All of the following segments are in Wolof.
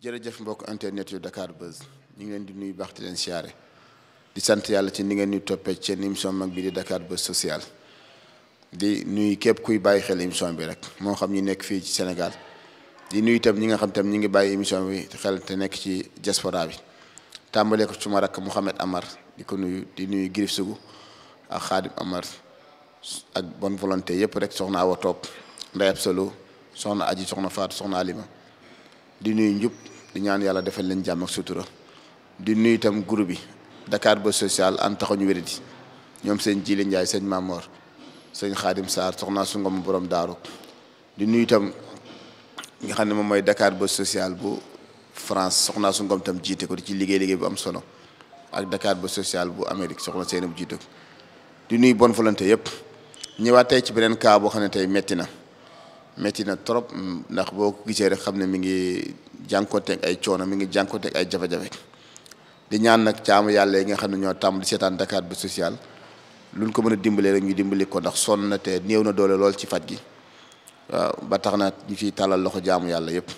jërëjëf mbokk internet yu Dakar Buzz ñu ngi leen di nuyu baax di leen siyaare di sant yàlla ci ni ngeen ñu toppee ci émission mag bi di dakaar Buzz social di nuyu képp kuy bàyyi xel émission bi rek moo xam ñu nekk fii ci Sénégal di nuyu tam ñi nga xam tam ñi ngi bàyyi émission bi xel te nekk ci diaspora bi tàmbalee ko suma rakk Mouhamed Amar di ko nuyu di nuyu Girif Sougou ak Khadim Amar ak bonne volonté yëpp rek soxna Awa Top Ndeye Absolu soxna Aji soxna Fatou soxna Alima. di nuyu njub di ñaan yàlla defal leen jàmm ak sutura di nuyu itam groupe bi Dakar Buzz Social an taxuñu wéradi ñoom sëñ Jili Njaay sëñ Mamor sëñ Xaadim Sarr soxnaa su ngom borom daaru di nuyu itam nga xam ne moom mooy Dakar Buzz Social bu France soxnaa su tam jiite ko di ci liggéey liggéey bu am solo ak Dakar Buzz Social bu Amérique soxna seen bu jiite ko di nuy bon volonté yëpp ñëwaat tey ci beneen cas boo xam ne tey metti na métti na trop ndax boo ko gisee rek xam ne mi ngi jànkuwanteeg ay coono mi ngi jànkuwanteeg ay jafe-jafe di ñaan nag caamu yàlla yi nga xam ne ñoo tàmm di seetaan bi sociale lu luñ ko mën a dimbalee rek ñu dimbali ko ndax sonn na te néew na doole lool ci faj gi waaw ba tax na ñu ciy tàllal loxo jaamu yàlla yëpp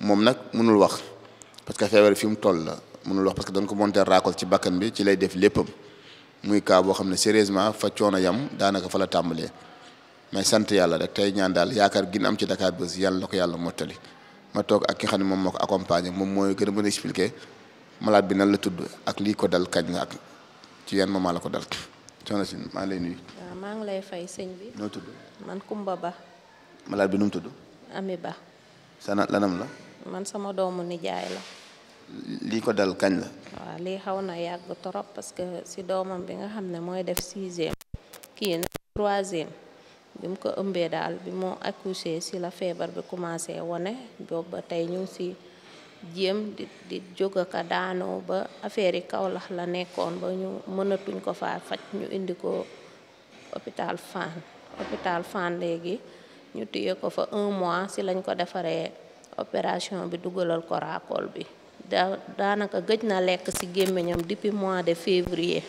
moom nag mënul wax parce que feebar fi mu toll la mënul parce que dañ ko monter ci bakkan bi ci lay def léppam muy cas boo xam ne sérieusement fa coono yam daanaka fa la tàmbalee. mais sant yàlla rek tey ñaan daal yaakaar gin am ci Dakar Buzz yàlla la ko yàlla mottali ma toog ak ki xam ne moom moo ko accompagné moom mooy gën a mën a expliqué bi nan la tudd ak lii ko dal kañ la ak ci yan moment la ko dal si maa ngi lay maa ngi lay fay sëñ bi. noo tudd. man Kumba Ba. malade bi nu mu tudd. Ami Ba. sana lanam la. man sama doomu nijaay la. lii ko dal kañ la. waaw lii xaw na yàgg trop parce que si doomam bi nga xam ne mooy def sixième. kii na troisième. bi mu ko ëmbee daal bi moo accouché si la feebar bi commencé wane boobu ba tey ñu ngi si jéem di di ka daanoo ba affaire yi Kaolack la nekkoon ba ñu mënatuñ ko faa faj ñu indi ko hôpital Fann hôpital Fann léegi ñu téye ko fa un mois si lañ ko defaree opération bi dugalal ko raakool bi da daanaka gëj na lekk si gémmiñam depuis mois de février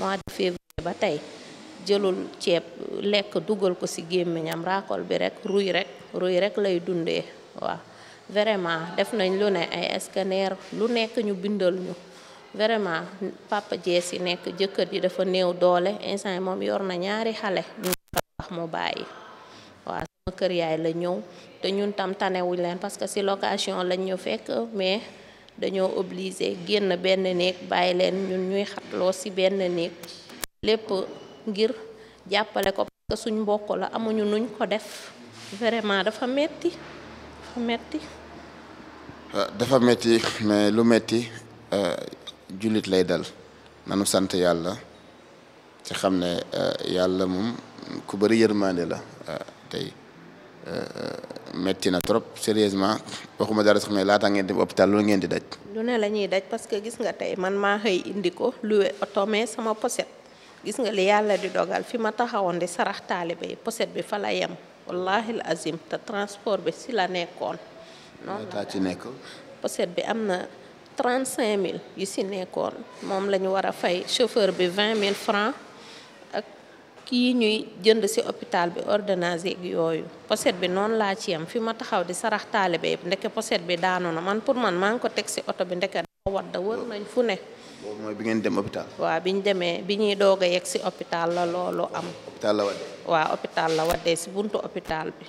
mois de février ba tey jëlul ceeb lekk dugal ko ci gémmiñam raakol bi rek ruy rek ruy rek lay dundee waaw vraiment def nañ lu ne ay scanner lu nekk ñu bindal ñu vraiment papa jees yi nekk jëkkër ji dafa néew doole instant moom yor na ñaari xale ñu wax mu bàyyi waaw yaay la ñëw te ñun tam tanewuñ leen parce que ci location lañ ñu fekk mais dañoo obligé génn benn néeg bàyyi leen ñun ñuy xatloo ci benn néeg lépp ngir jàppale ko parce que suñ mbokk la amuñu nuñ ko def vraiment dafa metti dafa metti euh, dafa metti lu metti euh, jullit lay dal nanu sant yàlla ci xam ne euh, yàlla moom ku bëri yërmande la tey metti na trop sérieusement waxuma dara sax mais laata ngeen dem hôpital loolu ngeen di daj. lu ne la daj parce que gis nga tey man maa xëy indi ko luwe oto mais sama poset gis nga li yàlla di dogal fi ma taxawoon di sarax taalibe yi poset bi fa la yem wallahi al azim te transport bi si la nekkoon noonu la ci poset bi am na 35000 yu si nekkoon moom la ñu war a fay chauffeur bi mille francs ak kii ñuy jënd si hôpital bi ordonnance yeeg yooyu poset bi noon laa ci yem fi ma taxaw di sarax taalibe yëpp ndeke poset bi daanu na man pour man maa ngi ko teg si oto bi ndeke dafa wadd wër nañ fu ne boobu mooy bi ngeen dem hôpital. waa bi ñu demee bi ñuy doog a yegg si hôpital la loolu am. hôpital la waddee. waaw hôpital la waddee si buntu hôpital bi.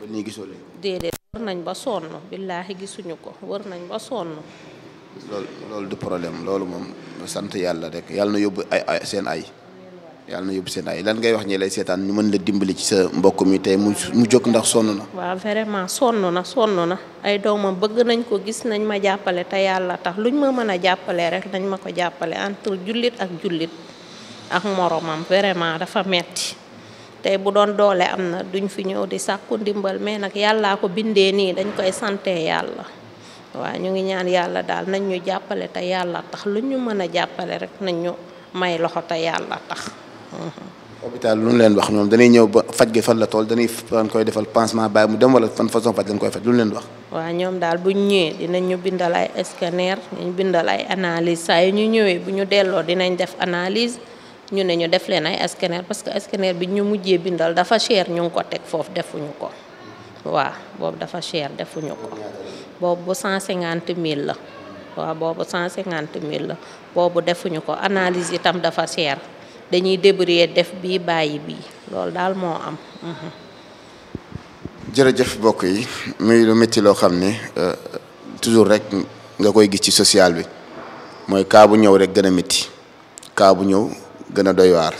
ba nii gisoo leen. déedéet wër nañ ba sonn billaahi gisuñu ko wër nañ ba sonn. loolu loolu du problème loolu moom sant yàlla rek yàlla na yóbbu ay ay seen ay. yàlla na yóbbu seen ay lan ngay wax ñi lay seetaan ñu mën la dimbali ci sa mbokk mi tey mu mu jóg ndax sonn na. waaw vraiment sonn na sonn na ay doomam bëgg nañ ko gis nañ ma jàppale te yàlla tax luñ ma mën a jàppale rek nañ ma ko jàppale entre jullit ak jullit ak moromam vraiment dafa metti tey bu doon doole am na duñ fi ñëw di sàkku ndimbal mais nag yàllaa ko bindee nii dañ koy sante yàlla waaw ñu ngi ñaan yàlla daal nañ ñu jàppale te yàlla tax lu ñu mën a jàppale rek nañ ñu may loxo te yàlla tax hôpital lu ñu leen wax ñoom dañuy ñëw ba faj gi fan la tool dañuy fan koy defal pansement bàyyi mu dem wala fan façon faj lañ koy faj lu ñu leen wax. waa ñoom daal bu ñu ñëwee dinañ ñu bindal ay scanner ñu bindal ay analyse saa yi ñu ñëwee bu ñu delloo dinañ def analyse ñu ne ñu def leen ay scanner parce que scanner bi ñu mujjee bindal dafa cher ñu ngi ko teg foofu defuñu ko waaw boobu dafa cher defuñu ko boobu bu 150 000 la waaw boobu 150 000 la boobu defuñu ko analyse itam dafa cher. dañuy débrouiller def bii bàyyi bii loolu daal moo am. jërëjëf mbokk yi muy lu métti loo xam ne euh, toujours rek nga koy gis ci social bi mooy kaa bu ñëw rek gën a métti kaa bu ñëw gën a doy waar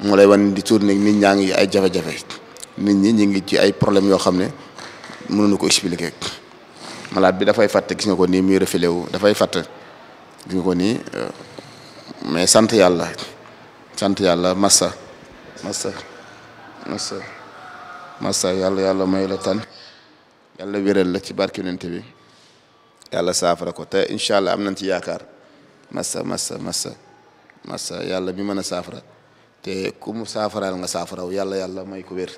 mu lay wan di tourner nit ñaa ngi ay jafe-jafe nit ñi ñu ngi ci ay problèmes yoo xam ne mënuñu ko expliquer malade bi dafay fàtt gis nga ko nii muy refilé wu dafay fàtte gis nga ko nii euh, mais sant yàlla. sant yàlla massa massa massa massa yàlla yàlla may la tan yàlla wéral la ci barke yonent bi yàlla saafara ko te incha allah am nañ ci yaakaar massa massa massa massa yàlla bi mën a saafara te ku mu saafaraal nga saafaraw yàlla yàlla may ko wér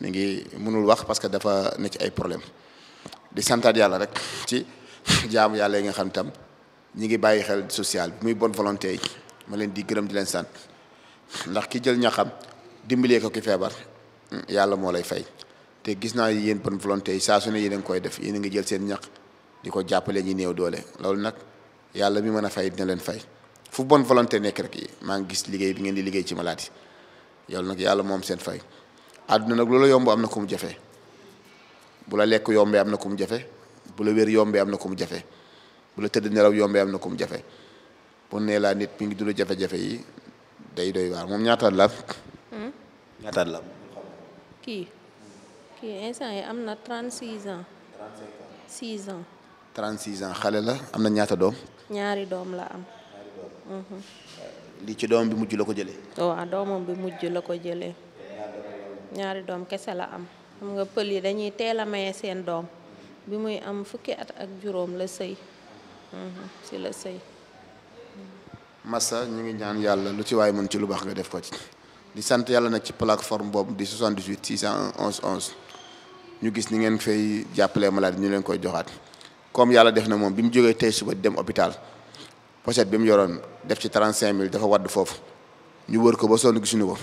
mi ngi mënul wax parce que dafa ne ci ay problème di santaat yàlla rek ci jaamu yàlla yi nga xam tam ñi ngi bàyyi xel social bi muy bonne volonté yi ma leen di gërëm di leen sant ndax ki jël ñaxam dimbalee ko ki feebar yàlla moo lay fay te gis naa yéen bonne volonté yi saa su ne yéen ngi koy def yéen ngi jël seen ñax di ko jàppale ñi néew doole loolu nag yàlla mi mën a fay dina leen fay fu bonne volonté nekk rek maa ngi gis liggéey bi ngeen di liggéey ci malade yi nag yàlla moom seen fay àdduna nag loola yomb am na ku mu jafe bu la lekk yombee am na ku mu jafe bu la am na ku mu jafe bu tëdd nelaw yombee am na ku mu jafe bu nee laa nit mi ngi dund jafe yi day doy waar moom ñaataat la am. Hmm? la kii kii instant yi am na 36 ans. 36 ans. 36 ans xale la am na ñaata doom. ñaari doom la am. Mhm. lii ci doom bi mujj la ko jëlee. waaw doomam bi mujj la ko jële ñaari doom kese la am. xam nga pël yi dañuy teel a maye seen doom. bi muy am fukki at ak juróom la sëy. Mhm, si la sëy. massa ñu ngi ñaan yàlla lu ci waay mën ci lu baax nga def ko ci di sant yàlla nag ci plateforme boobu di 78 601 11 11 ñu gis ni ngeen fay jàppalee malade ñu leen koy joxaat comme yàlla def na moom bi mu jógee tey suba dem hôpital pochette bi mu yoroon def ci 35000 dafa wadd foofu ñu wër ko ba sonn gisuñu ko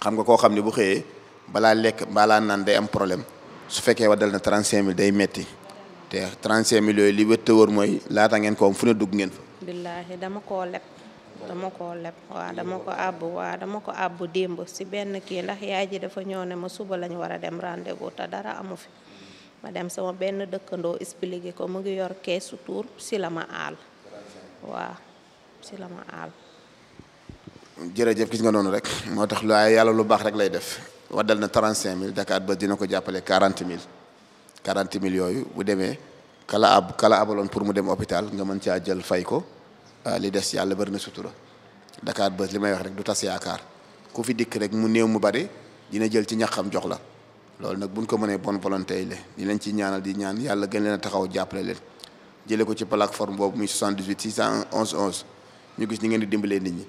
xam nga koo xam ne bu xëyee balaa lekk balaa naan day am problème su fekkee waddal na 35000 day metti te 35000 yooyu li wér te wër mooy laata ngeen ko am dugg ngeen dama ko leb waa dama ko àbb waaw dama ko àbb démb si benn kii ndax yaay ji dafa ñëw ne ma suba lañ war a dem rendez-vous te dara amu fi ma dem sama benn dëkkandoo expliqué ko mu ngi yor keesu tuur si la ma aal waaw si la ma aal jërëjëf gis nga noonu rek moo tax lu ay yàlla lu baax rek lay def waddal na 35000 Dakar ba dina ko jàppale mille 40000 mille yooyu bu demee kala ab kala abaloon pour mu dem hôpital nga mën caa jël fay ko Euh, li des yàlla bari na sutura Dakar Buzz li may wax rek du tas yaakaar ku fi dikk rek mu néew mu bari dina jël ci ñax xam jox la loolu nag bu buñ ko mënee bon volonté yi la dinañ ci ñaanal di ñaan yàlla gën leen a taxaw jàppale leen jëlee ko ci plateforme boobu muy 78 611 11 ñu gis ni ngeen di dimbalee nit ñi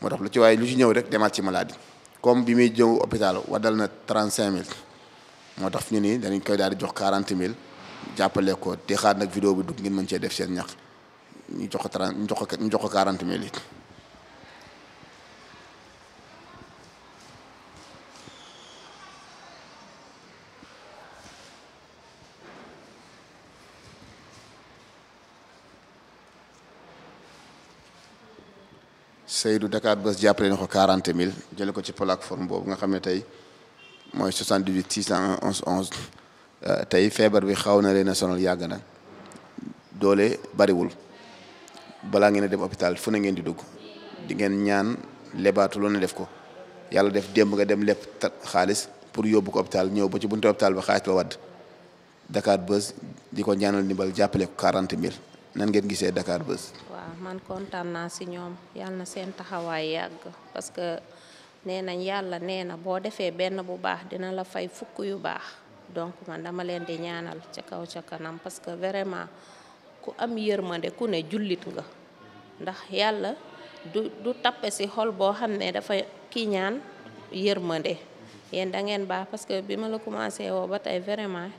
moo tax lu ci waaye lu ci ñëw rek demaat ci maladie comme bi muy jëw hôpital waddal na mille moo tax fi ñu nii dañu koy daal di jox 40000 jàppale ko te xaar nag vidéo bi dugg ngeen mën cee def seen ñax ñu jox ko trente ñu jox ko ñu jox ko quarante mille it Seydou Dakar Bus jàppale na ko quarante mille jële ko ci plateforme boobu nga xam ne tey mooy soixante dix huit six cent onze onze euh, tey feebar bi xaw na leen a yàgg na doole bariwul balaa ngeen a dem hôpital fu na ngeen di dugg di ngeen ñaan lebaatu loo ne def ko yàlla def démb nga dem lépp ta xaalis pour yóbbu ko hôpital ñëw ba ci buntu hôpital ba xaalis ba wadd Dakar bës di ko ñaanal ndimbal jàppale ko quarante mille nan ngeen gisee Dakar Buzz. waaw man kontaan naa si ñoom yàlla na seen taxawaay yàgg parce que nee nañ yàlla nee na boo defee benn bu baax dina la fay fukk yu baax donc man dama leen di ñaanal ca kaw ca kanam parce que vraiment. ku am yërmande ku ne jullit nga ndax yàlla du du tappe si xol boo xam ne dafa kiñaan yërmande yéen da ngeen baax parce que bi ma la commencé woo ba tey vraiment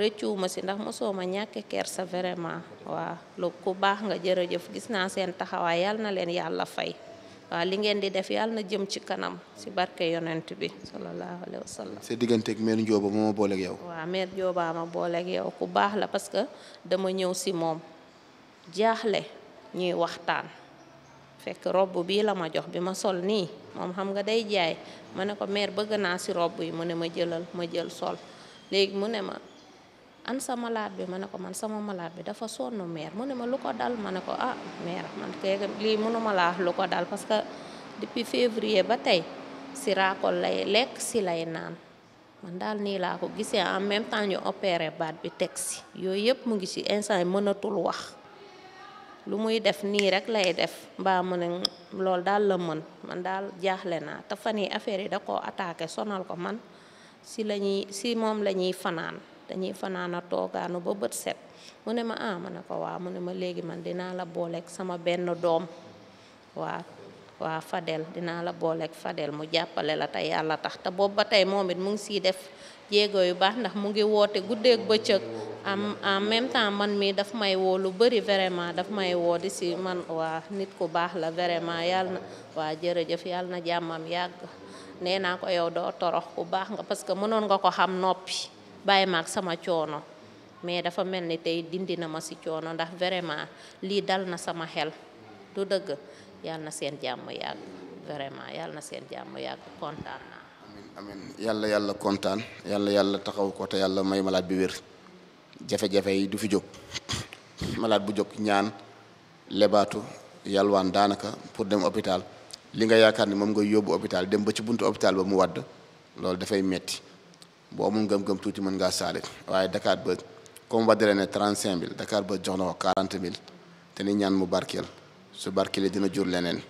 rëccuwuma si ndax mosoo ma ñàkk sa vraiment waaw lu ku baax nga jërëjëf gis naa seen taxawaay yàlla na leen yàlla fay. waa li ngeen di def yàlla na jëm ci kanam si barke yonent bi sallallahu alayhi wa sa diggante ak mère Ndioba moo ma booleeg yow waaw mère Ndioba ma booleeg yow ku baax la parce que dama ñëw si moom jaaxle ñuy waxtaan fekk robb bii la ma jox bi ma sol nii moom xam nga day jaay ma ne ko mère bëgg naa si robb yi mu ne ma jëlal ma jël sol léegi mu ne ma an sa malaat bi ma ne ko man sama malaat bi dafa sonn mère mu ne ma lu ko dal ma ne ko ah mère man kay lii mënuma laa lu ko dal parce que depuis février ba tey si raakol lay lekk si lay naan man daal nii laa ko gisee en même temps ñu opeere baat bi teg si yooyu yëpp mu ngi ci instant mënatul wax lu muy def nii rek lay def mbaa mu ne mm, loolu daal la mën man daal jaaxle naa te fan yi affaire yi da koo attaqué sonal ko man si la si moom la ñuy fanaan dañuy fanaan a toogaanu ba bët set mu ne ma ah ma ne ko waa mu ne ma léegi man dinaa la booleek sama benn doom waaw waaw Fadel dinaa la booleek Fadel mu jàppale la te yàlla tax te boob ba tey moom it mu ngi siy def jéego yu baax ndax mu ngi woote guddeeg bëccëg am en même temps man mii dafa may woo lu bëri vraiment dafa may woo di si man waa nit ku baax la vraiment yàlla na waa jërëjëf yàlla na jàmmam yàgg nee naa ko yow doo torox ku baax nga parce que mënoon nga ko xam noppi bàyyi ma sama coono mais dafa mel ni tey dindi na ma si coono ndax vraiment lii dal na sama xel du dëgg yàlla na seen jàmm yàgg vraiment yàlla na seen jàmm yàgg kontaan naa. amiin yàlla yàlla kontaan yàlla yàlla taxaw ko te yàlla may malaat bi wér jafe-jafe yi du fi jóg malaat bu jóg ñaan lebaatu waan daanaka pour dem hôpital li nga yaakaar ni moom nga yóbbu hôpital dem ba ci buntu hôpital ba mu wàdd loolu dafay metti boo amul ngëm-ngëm tuuti mën ngaa saalit waaye Dakar ba comme ba dalee ne trente cinq mille Dakar ba jox na ko quarante mille te ni ñaan mu barkeel su barkeelee dina jur leneen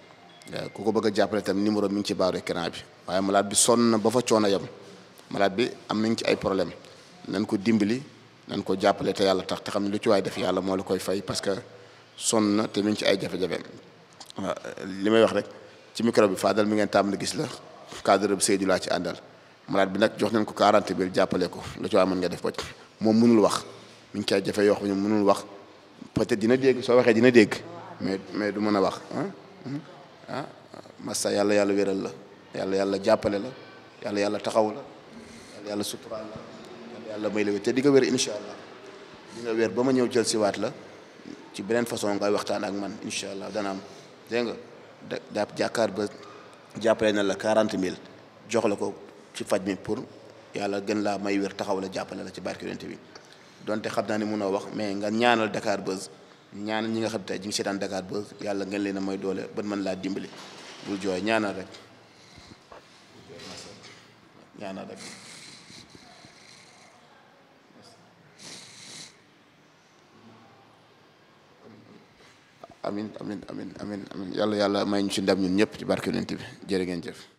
eh, ku ko bëgg a jàppale tam numéro mi ngi ci baaru écran bi waaye malade bi sonn na ba fa coono yam malade bi am nañ ci ay problème nan ko dimbali nañ ko jàppale te yàlla tax te xam ne lu ci waaye def yàlla moo la koy fay parce que sonn na te mi ngi ci ay jafe-jafe li may wax rek ci micro bi Fadal mi ngeen tàmm gis la cadre bi Seydou laa ci àndal. malade bi nag jox nañ ko 40 mille jàppale ko lu ci waa mën nga def ko ci moom mënul wax muñ ngi cay jafe yoo ñu ne mënul wax peut-être dina dégg soo waxee dina dégg mais mais du mën a wax ah massa yàlla yàlla wéral la yàlla yàlla jàppale la yàlla yàlla taxaw la yàlla yàlla suturaal la may la wér di nga wér incha allah di ba ma ñëw jël si waat la ci beneen façon ngay waxtaan ak man incha allah dana am dégg nga da jàkkaar ba jàppale na la 40 mille jox la ko. ci faj mi pour yàlla gën laa may wér taxaw la jàppale la ci barke yonent bi donte xam naa ne mun a wax mais nga ñaanal Dakar Buzz ñaanal ñi nga xam tey ñu ngi seetaan Dakar Buzz yàlla ngeen leen a may doole ba mën laa dimbali bul jooy ñaanal rek ñaanal rek. amin amin amin amin amin yàlla yàlla may ñu ci ndam ñun ñëpp ci barke yonent bi jërë ngeen jëf